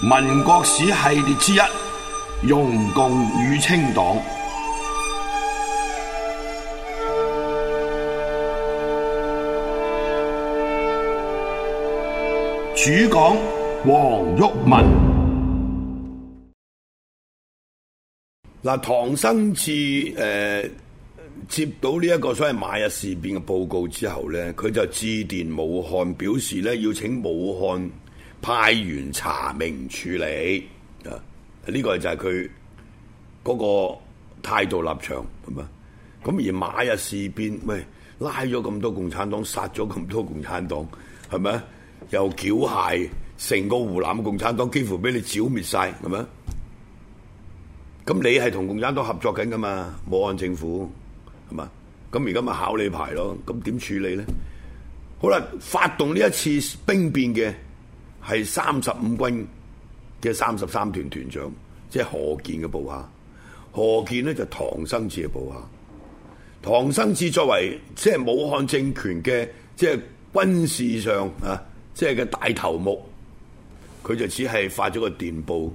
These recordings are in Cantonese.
民國史系列之一，容共與清黨，主講黃毓民。嗱，唐生智誒、呃，接到呢一個所謂馬日事變嘅報告之後咧，佢就致電武漢，表示咧要請武漢。派員查明處理啊！呢個就係佢嗰個態度立場咁啊。咁而馬日事變，喂，拉咗咁多共產黨，殺咗咁多共產黨，係咪？又繳械，成個湖南共產黨幾乎俾你剿滅晒，咁啊？咁你係同共產黨合作緊噶嘛？武漢政府係嘛？咁而家咪考你牌咯？咁點處理咧？好啦，發動呢一次兵變嘅。係三十五軍嘅三十三團團長，即係何健嘅部下。何健呢，就唐生智嘅部下。唐生智作為即係武漢政權嘅即係軍事上啊，即係嘅大頭目，佢就只係發咗個電報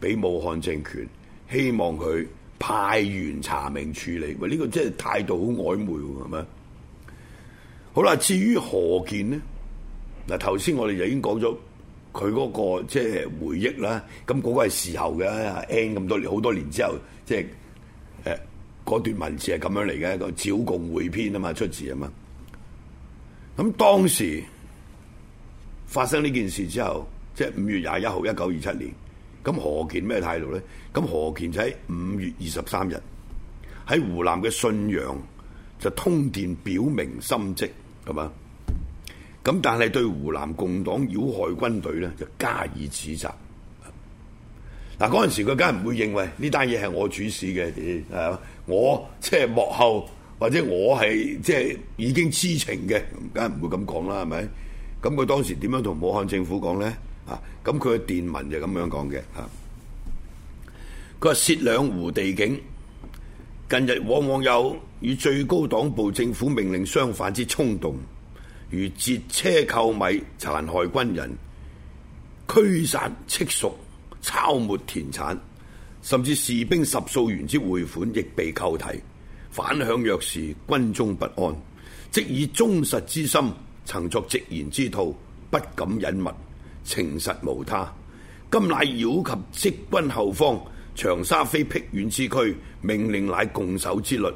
俾武漢政權，希望佢派員查明處理。喂，呢個即係態度好曖昧，係咪？好啦，至於何健呢？嗱頭先我哋就已經講咗。佢嗰個即係回憶啦，咁嗰個係事後嘅 N 咁多年好多年之後，即係誒嗰段文字係咁樣嚟嘅一個剿共會篇啊嘛，出自啊嘛。咁當時發生呢件事之後，即係五月廿一號一九二七年，咁何鍵咩態度咧？咁何鍵就喺五月二十三日喺湖南嘅信陽就通電表明心跡，係嘛？咁但係對湖南共黨擾害軍隊咧，就加以指責。嗱、啊，嗰陣時佢梗係唔會認為呢單嘢係我主事嘅，係、啊、嘛？我即係幕後，或者我係即係已經知情嘅，梗係唔會咁講啦，係咪？咁佢當時點樣同武漢政府講咧？啊，咁佢嘅電文就咁樣講嘅。啊，佢話涉兩湖地境，近日往往有與最高黨部政府命令相反之衝動。如截車購米、殘害軍人、驅散戚屬、抄沒田產，甚至士兵十數元之匯款亦被扣提，反響若是軍中不安，即以忠實之心，曾作直言之吐，不敢隱密，情實無他。今乃擾及職軍後方，長沙非僻遠之區，命令乃共守之律。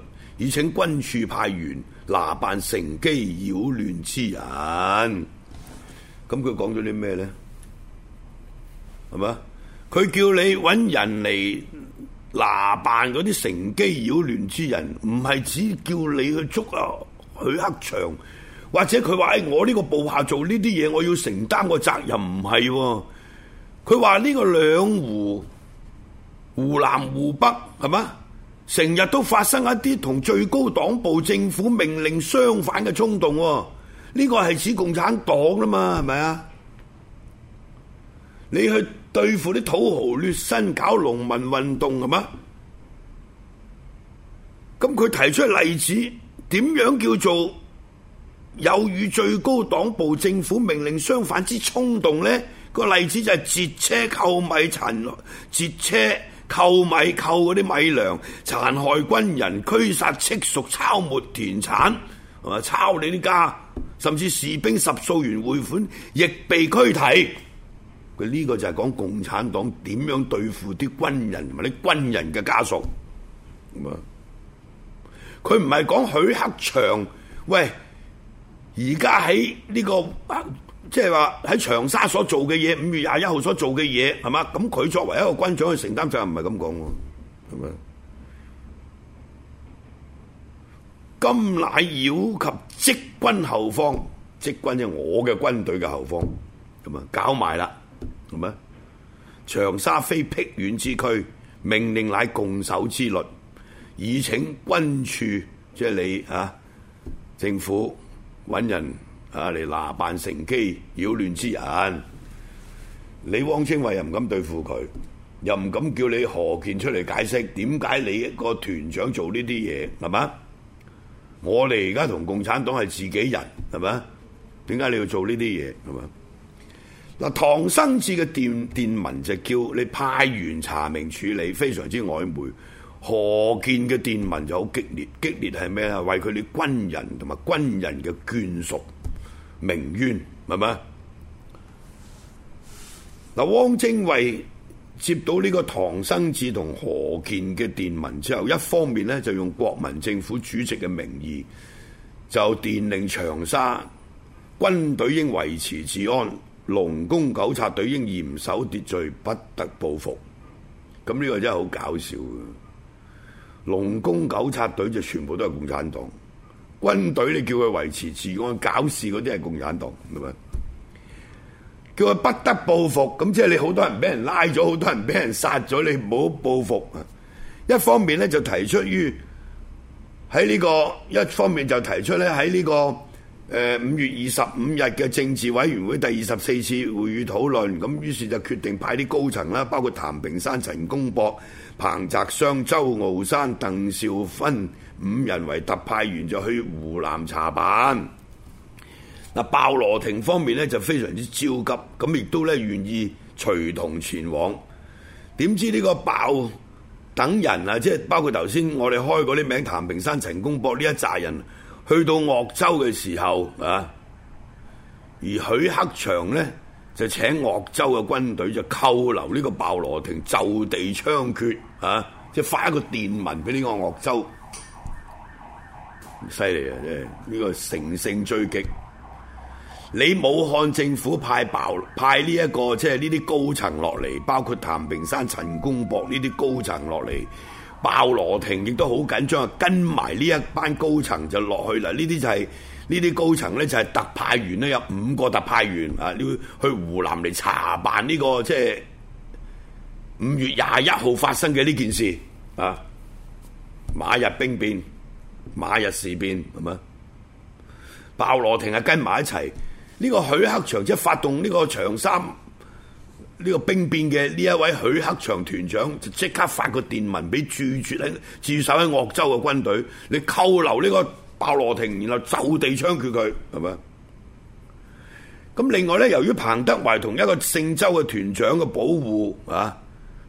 已請軍處派員拿辦乘機擾亂之人，咁佢講咗啲咩呢？係嘛？佢叫你揾人嚟拿辦嗰啲乘機擾亂之人，唔係只叫你去捉啊許克祥，或者佢話：哎，我呢個部下做呢啲嘢，我要承擔個責任，唔係、啊。佢話呢個兩湖湖南湖北，係嘛？成日都發生一啲同最高黨部政府命令相反嘅衝動喎，呢個係指共產黨吖嘛，係咪啊？你去對付啲土豪劣紳搞農民運動係嘛？咁佢提出嘅例子點樣叫做有與最高黨部政府命令相反之衝動呢？個例子就係截車購買殘落截車。扣米扣嗰啲米糧，殘害軍人，驅殺戚屬，抄沒田產，係嘛？抄你啲家，甚至士兵十數元匯款亦被拘提。佢、這、呢個就係講共產黨點樣對付啲軍人同埋啲軍人嘅家屬，啊麼，佢唔係講許克祥，喂，而家喺呢個。即係話喺長沙所做嘅嘢，五月廿一號所做嘅嘢，係嘛？咁佢作為一個軍長去承擔責任，唔係咁講喎。咁啊，今乃擾及職軍後方，職軍即係我嘅軍隊嘅後方，咁啊，搞埋啦，係咪？長沙非僻遠之區，命令乃共守之律，以請軍處，即係你啊，政府揾人。啊！你拿辦乘機擾亂之人，你汪精衛又唔敢對付佢，又唔敢叫你何健出嚟解釋，點解你一個團長做呢啲嘢係嘛？我哋而家同共產黨係自己人係嘛？點解你要做呢啲嘢係嘛？嗱，唐生智嘅電電文就叫你派員查明處理，非常之曖昧。何健嘅電文就好激烈，激烈係咩啊？為佢哋軍人同埋軍人嘅眷屬。名冤，明嘛？嗱，汪精衛接到呢個唐生智同何鍵嘅電文之後，一方面呢，就用國民政府主席嘅名義，就電令長沙軍隊應維持治安，龍工糾察隊應嚴守秩序，不得報復。咁呢個真係好搞笑啊！龍工糾察隊就全部都係共產黨。軍隊，你叫佢維持治安，搞事嗰啲係共產黨，明白？叫佢不得報復，咁即係你好多人俾人拉咗，好多人俾人殺咗，你唔好報復。一方面咧就提出於喺呢個，一方面就提出咧喺呢個。五月二十五日嘅政治委員會第二十四次會議討論，咁於是就決定派啲高層啦，包括譚平山、陳公博、彭澤湘、周傲山、鄧兆芬五人為特派員，就去湖南查辦。嗱，鮑羅廷方面呢就非常之焦急，咁亦都呢願意隨同前往。點知呢個鮑等人啊，即係包括頭先我哋開嗰啲名，譚平山、陳公博呢一紮人。去到鄂州嘅時候啊，而許克祥呢，就請鄂州嘅軍隊就扣留呢個鮑羅廷，就地槍決啊！即係發一個電文俾呢個鄂州，犀利 啊！即係呢個乘勝追擊，你武漢政府派鮑派呢、這、一個即係呢啲高層落嚟，包括譚平山、陳公博呢啲高層落嚟。鮑羅廷亦都好緊張，跟埋呢一班高層就落去啦。呢啲就係呢啲高層咧，就係特派員咧，有五個特派員啊，要去湖南嚟查辦呢個即係五月廿一號發生嘅呢件事啊。馬日兵變，馬日事變，係咪？鮑羅廷係跟埋一齊。呢個許克祥即係發動呢個長三。呢個兵變嘅呢一位許克祥團長就即刻發個電文俾駐駐喺駐守喺鄂州嘅軍隊，你扣留呢個鮑羅廷，然後就地槍決佢，係咪？咁另外咧，由於彭德懷同一個姓周嘅團長嘅保護啊，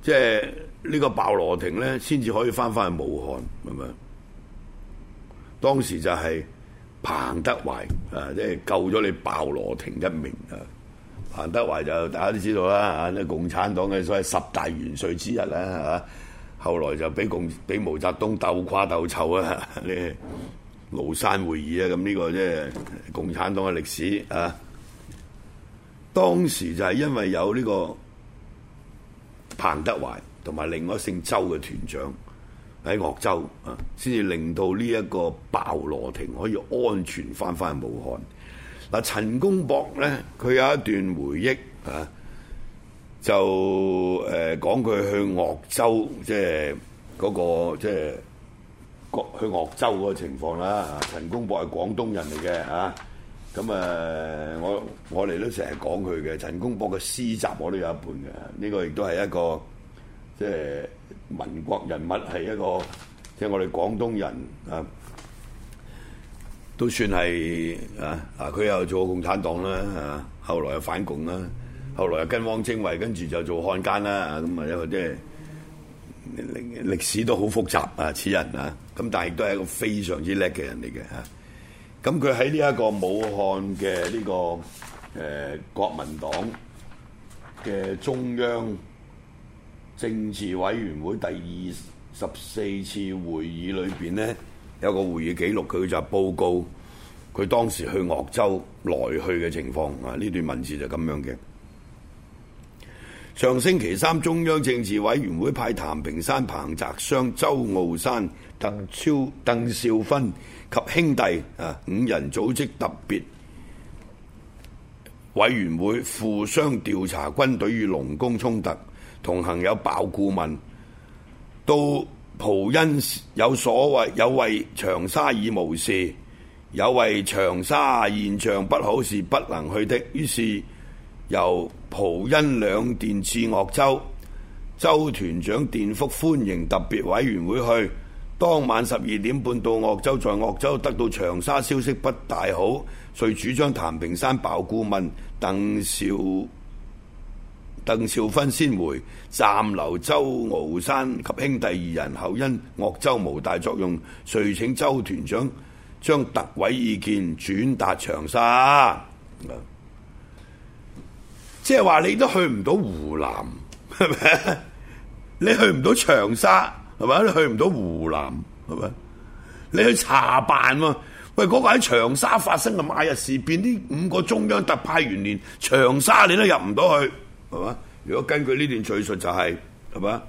即係呢個鮑羅廷咧，先至可以翻返去武漢，係咪？當時就係彭德懷啊，即係救咗你鮑羅廷一命啊！彭德懷就大家都知道啦，嚇呢共產黨嘅所謂十大元帥之一啦，嚇、啊、後來就俾共俾毛澤東鬥垮鬥臭啊，呢廬山會議啊，咁呢個即係共產黨嘅歷史啊。當時就係因為有呢個彭德懷同埋另外姓周嘅團長喺鄂州啊，先至令到呢一個鮑羅廷可以安全翻返去武漢。嗱、啊，陳公博咧。佢有一段回憶啊，就誒、呃、講佢去鄂州，即係嗰個即係個去鄂州個情況啦、啊。陳公博係廣東人嚟嘅啊，咁啊，我我哋都成日講佢嘅陳公博嘅詩集我都有一半嘅，呢、這個亦都係一個即係、就是、民國人物係一個即係、就是、我哋廣東人啊！都算係啊！啊，佢又做共產黨啦啊，後來又反共啦、啊，後來又跟汪精衛，跟住就做漢奸啦咁啊，啊一個即係歷史都好複雜啊！此人啊，咁但係亦都係一個非常之叻嘅人嚟嘅嚇。咁佢喺呢一個武漢嘅呢、呢個誒、呃、國民黨嘅中央政治委員會第二十四次會議裏邊呢。啊。有個會議記錄，佢就係報告佢當時去鄂州來去嘅情況啊！呢段文字就咁樣嘅。上星期三，中央政治委員會派譚平山、彭澤湘、周傲山、鄧超、鄧少芬及兄弟啊五人組織特別委員會，互相調查軍隊與農工衝突，同行有鮑顧問到。都蒲恩有所謂有為長沙已無事，有為長沙現象不好是不能去的。於是由蒲恩兩電至鄂州，周團長電覆歡迎特別委員會去。當晚十二點半到鄂州，在鄂州得到長沙消息不大好，遂主張譚平山、鮑顧問、鄧兆。鄧少芬先回，暫留周敖山及兄弟二人，後因鄂州無大作用，遂請周團長將特委意見轉達長沙。即係話你都去唔到湖南，係咪？你去唔到長沙，係咪？你去唔到湖南，係咪？你去查辦喎？喂，嗰、那個喺長沙發生嘅馬日事變，啲五個中央特派員連長沙你都入唔到去。係嘛？如果根據呢段敘述，就是，就係係嘛，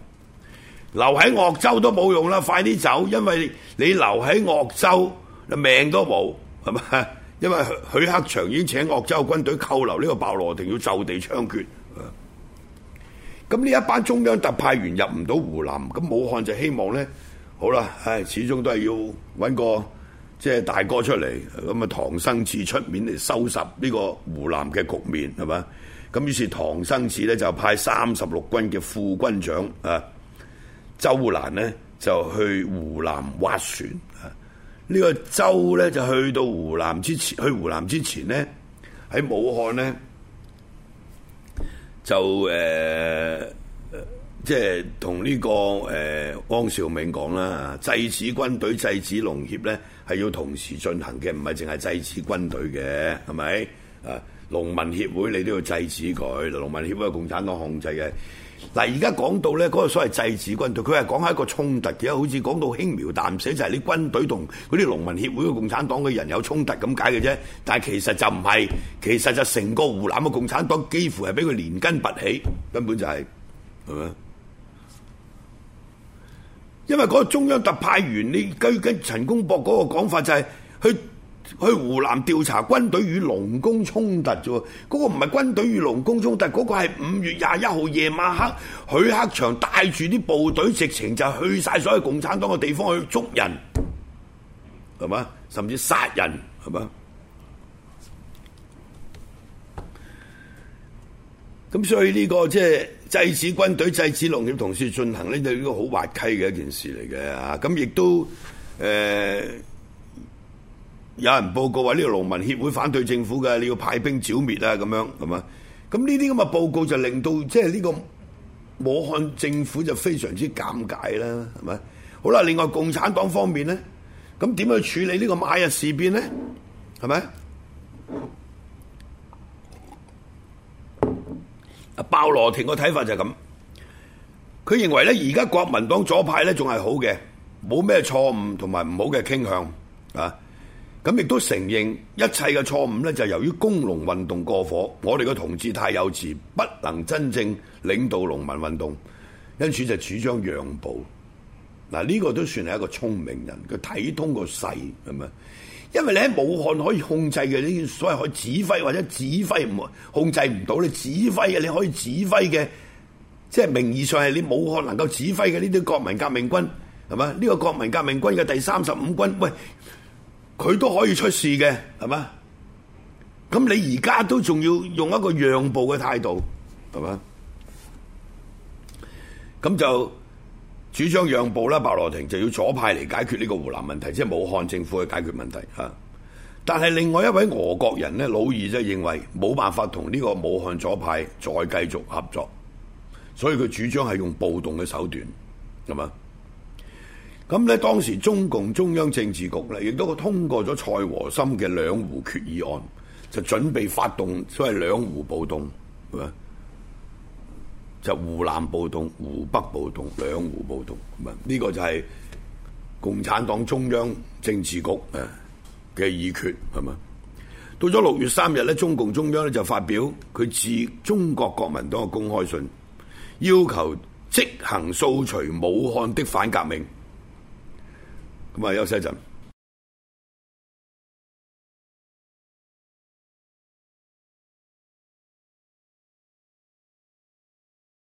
留喺鄂州都冇用啦！快啲走，因為你留喺鄂州，你命都冇，係嘛？因為許克祥已經請鄂州軍隊扣留呢個鮑羅廷，要就地槍決。咁呢一班中央特派員入唔到湖南，咁武漢就希望咧，好啦，唉，始終都係要搵個即係大哥出嚟，咁啊，唐生智出面嚟收拾呢個湖南嘅局面，係嘛？咁於是唐生智咧就派三十六軍嘅副軍長啊周蘭呢，就去湖南挖船啊、這個、呢個周咧就去到湖南之前，去湖南之前呢，喺武漢呢，就誒、呃呃、即係同呢個誒汪、呃、兆銘講啦，制止軍隊制止農協咧係要同時進行嘅，唔係淨係制止軍隊嘅，係咪啊？農民協會你都要制止佢，農民協會共產黨控制嘅。嗱，而家講到咧嗰個所謂制止軍隊，佢係講係一個衝突，嘅。好似講到輕描淡寫，就係、是、你軍隊同嗰啲農民協會共產黨嘅人有衝突咁解嘅啫。但係其實就唔係，其實就成個湖南嘅共產黨幾乎係俾佢連根拔起，根本就係，係咪？因為嗰個中央特派員你跟跟陳公博嗰個講法就係、是、去。去湖南調查軍隊與農工衝突啫喎，嗰、那個唔係軍隊與農工衝突，嗰、那個係五月廿一號夜晚黑，許克祥帶住啲部隊直情就去晒所有共產黨嘅地方去捉人，係嘛？甚至殺人，係嘛？咁所以呢、這個即係、就是、制止軍隊制止農協同事進行呢，就呢個好滑稽嘅一件事嚟嘅，咁亦都誒。呃有人報告話呢個農民協會反對政府嘅，你要派兵剿滅啊！咁樣係嘛？咁呢啲咁嘅報告就令到即係呢個武漢政府就非常之尷尬啦，係咪？好啦，另外共產黨方面咧，咁點去處理呢個馬日事變咧？係咪？啊，鮑羅廷嘅睇法就係咁，佢認為咧，而家國民黨左派咧仲係好嘅，冇咩錯誤同埋唔好嘅傾向啊。咁亦都承認一切嘅錯誤咧，就由於工農運動過火，我哋嘅同志太幼稚，不能真正領導農民運動，因此就主張讓步。嗱，呢個都算係一個聰明人，佢睇通個勢，係咪？因為你喺武漢可以控制嘅呢啲所謂，可以指揮或者指揮唔，控制唔到你指揮嘅，你可以指揮嘅，即係名義上係你武漢能夠指揮嘅呢啲國民革命軍，係咪？呢個國民革命軍嘅第三十五軍喂。佢都可以出事嘅，係嘛？咁你而家都仲要用一個讓步嘅態度，係嘛？咁就主張讓步啦，白羅廷就要左派嚟解決呢個湖南問題，即係武漢政府去解決問題嚇。但係另外一位俄國人呢，老二就認為冇辦法同呢個武漢左派再繼續合作，所以佢主張係用暴動嘅手段，係嘛？咁咧，當時中共中央政治局咧，亦都通過咗蔡和森嘅兩湖決議案，就準備發動所謂兩湖暴動，係嘛？就是、湖南暴動、湖北暴動、兩湖暴動，咁啊？呢、這個就係共產黨中央政治局啊嘅議決，係嘛？到咗六月三日咧，中共中央咧就發表佢致中國國民黨嘅公開信，要求即行掃除武漢的反革命。咁啊，休息一陣。